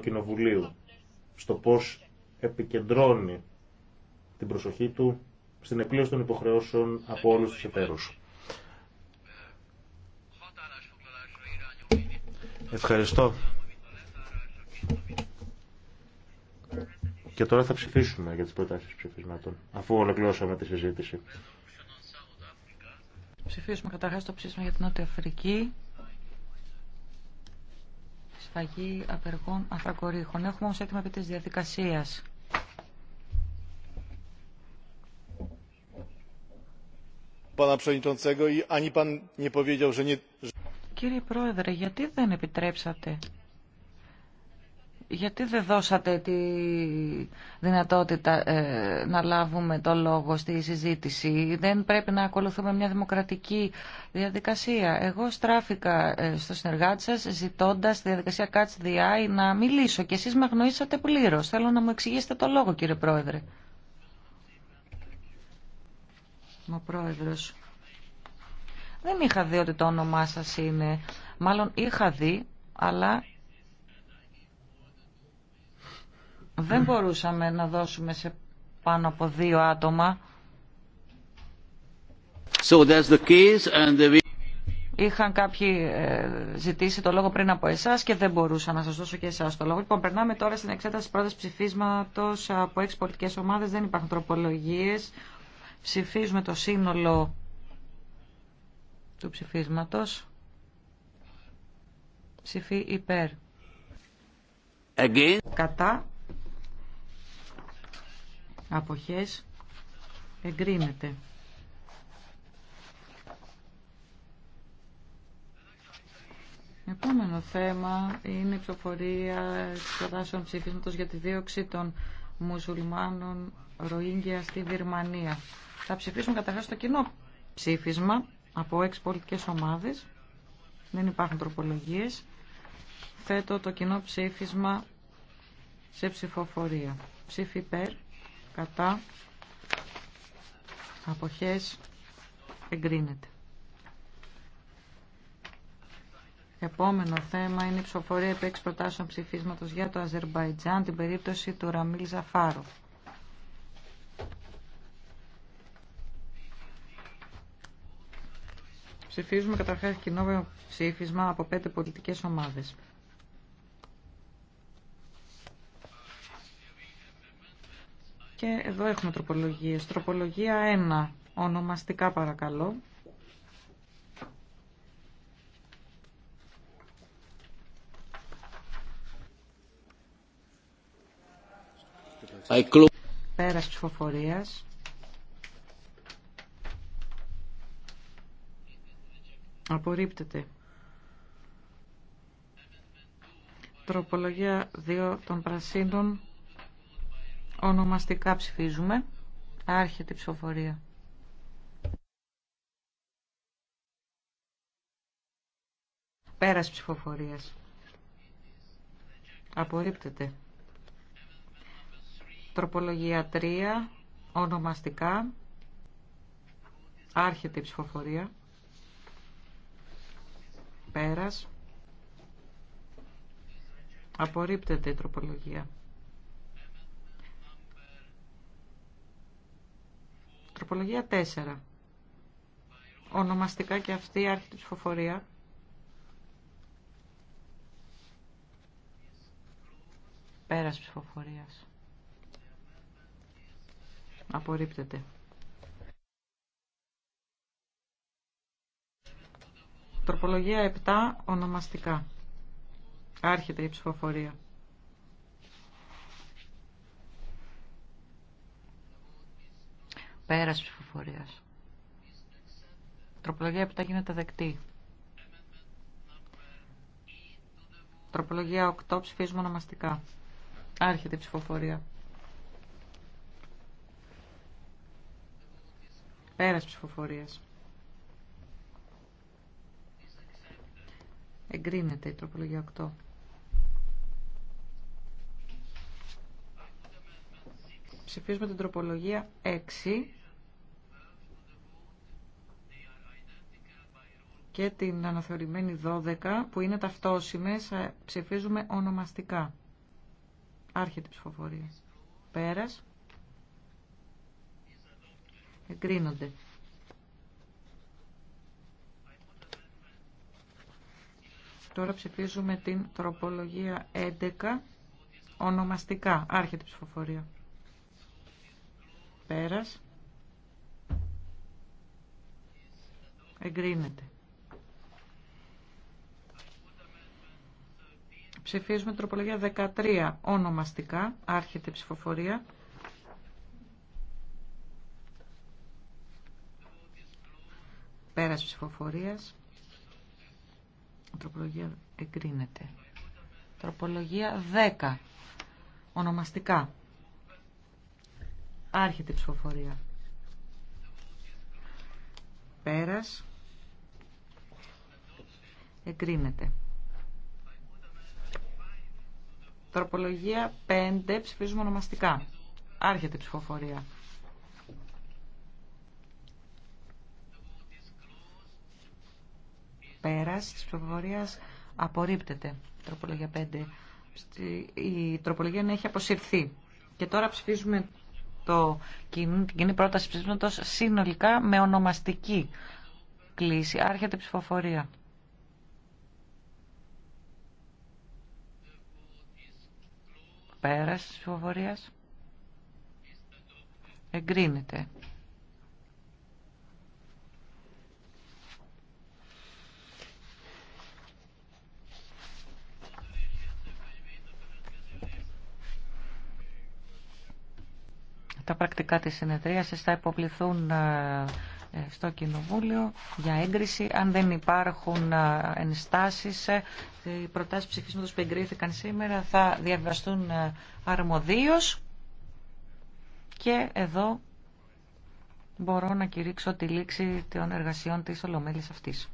Κοινοβουλίου στο πώς επικεντρώνει την προσοχή του στην εκπλήρωση των υποχρεώσεων από όλους τους εταίρους. Ευχαριστώ. Και τώρα θα ψηφίσουμε για τις προτάσεις ψηφισμάτων, αφού ολοκληρώσαμε τη συζήτηση. Ψηφίσουμε καταρχάς το ψήφισμα για την Νότια Αφρική σφαγή απεργών ανθρακορίχων. Έχουμε όμως έτοιμα επί της διαδικασίας. Κύριε Πρόεδρε, γιατί δεν επιτρέψατε γιατί δεν δώσατε τη δυνατότητα ε, να λάβουμε το λόγο στη συζήτηση. Δεν πρέπει να ακολουθούμε μια δημοκρατική διαδικασία. Εγώ στράφηκα ε, στο συνεργάτη σας ζητώντας τη διαδικασία Catch the να μιλήσω και εσείς με αγνοήσατε πλήρω. Θέλω να μου εξηγήσετε το λόγο κύριε Πρόεδρε. Ο Πρόεδρος. Δεν είχα δει ότι το όνομά σας είναι. Μάλλον είχα δει, αλλά δεν μπορούσαμε να δώσουμε σε πάνω από δύο άτομα. So the and Είχαν κάποιοι ε, ζητήσει το λόγο πριν από εσά και δεν μπορούσα να σα δώσω και εσά το λόγο. Λοιπόν, περνάμε τώρα στην εξέταση πρόταση ψηφίσματο από έξι πολιτικέ ομάδε. Δεν υπάρχουν τροπολογίε. Ψηφίζουμε το σύνολο του ψηφίσματο. Ψηφί υπέρ. Again. Κατά αποχές εγκρίνεται. Επόμενο θέμα είναι η ψηφοφορία προτάσεων ψηφίσματος για τη δίωξη των μουσουλμάνων Ροίγκια στη Βυρμανία. Θα ψηφίσουν καταρχάς το κοινό ψήφισμα από έξι πολιτικές ομάδες. Δεν υπάρχουν τροπολογίες. Θέτω το κοινό ψήφισμα σε ψηφοφορία. Ψήφι κατά αποχές εγκρίνεται. Επόμενο θέμα είναι η ψηφοφορία επί προτάσεων ψηφίσματος για το Αζερμπαϊτζάν, την περίπτωση του Ραμίλ Ζαφάρου. Ψηφίζουμε καταρχάς κοινό ψήφισμα από πέντε πολιτικές ομάδες. Και εδώ έχουμε τροπολογίες. Τροπολογία 1. Ονομαστικά παρακαλώ. Πέρας ψηφοφορία. Απορρίπτεται. Τροπολογία 2 των πρασίνων Ονομαστικά ψηφίζουμε. Άρχεται η ψηφοφορία. Πέρας ψηφοφορίας. Απορρίπτεται. Τροπολογία 3. Ονομαστικά. Άρχεται η ψηφοφορία. Πέρας. Απορρίπτεται η τροπολογία. Τροπολογία 4. Ονομαστικά και αυτή η του ψηφοφορία. Πέρας ψηφοφορίας. Απορρίπτεται. Τροπολογία 7. Ονομαστικά. Άρχεται η ψηφοφορία. Πέρας ψηφοφορία. Τροπολογία 7 γίνεται δεκτή. Τροπολογία 8 ψηφίζουμε ονομαστικά. Άρχεται η ψηφοφορία. Πέρας ψηφοφορίας. Εγκρίνεται η τροπολογία 8. Ψηφίζουμε την τροπολογία 6 και την αναθεωρημένη 12 που είναι ταυτόσιμες ε, ψηφίζουμε ονομαστικά. Άρχεται η ψηφοφορία. Πέρας. Εγκρίνονται. Τώρα ψηφίζουμε την τροπολογία 11 ονομαστικά. Άρχεται η ψηφοφορία. Πέρας. Εγκρίνεται. Ψηφίζουμε τροπολογία 13 ονομαστικά. Άρχεται η ψηφοφορία. Πέρας ψηφοφορίας. τροπολογία εγκρίνεται. Τροπολογία 10. Ονομαστικά. Άρχεται η ψηφοφορία. Πέρας. Εγκρίνεται. Τροπολογία 5. Ψηφίζουμε ονομαστικά. Άρχεται η ψηφοφορία. Πέρας της ψηφοφορίας απορρίπτεται. Τροπολογία 5. Η τροπολογία ναι, έχει αποσυρθεί. Και τώρα ψηφίζουμε το, την κοινή πρόταση ψηφίσματος συνολικά με ονομαστική κλίση. Άρχεται η ψηφοφορία. Πέρας της ψηφοφορίας. Εγκρίνεται. Τα πρακτικά της συνεδρίασης θα υποβληθούν ε, ε, στο Κοινοβούλιο για έγκριση. Αν δεν υπάρχουν ε, ενστάσεις, ε, οι προτάσεις ψηφίσματος που εγκρίθηκαν σήμερα θα διαβαστούν αρμοδίως. Και εδώ μπορώ να κηρύξω τη λήξη των εργασιών της Ολομέλης αυτής.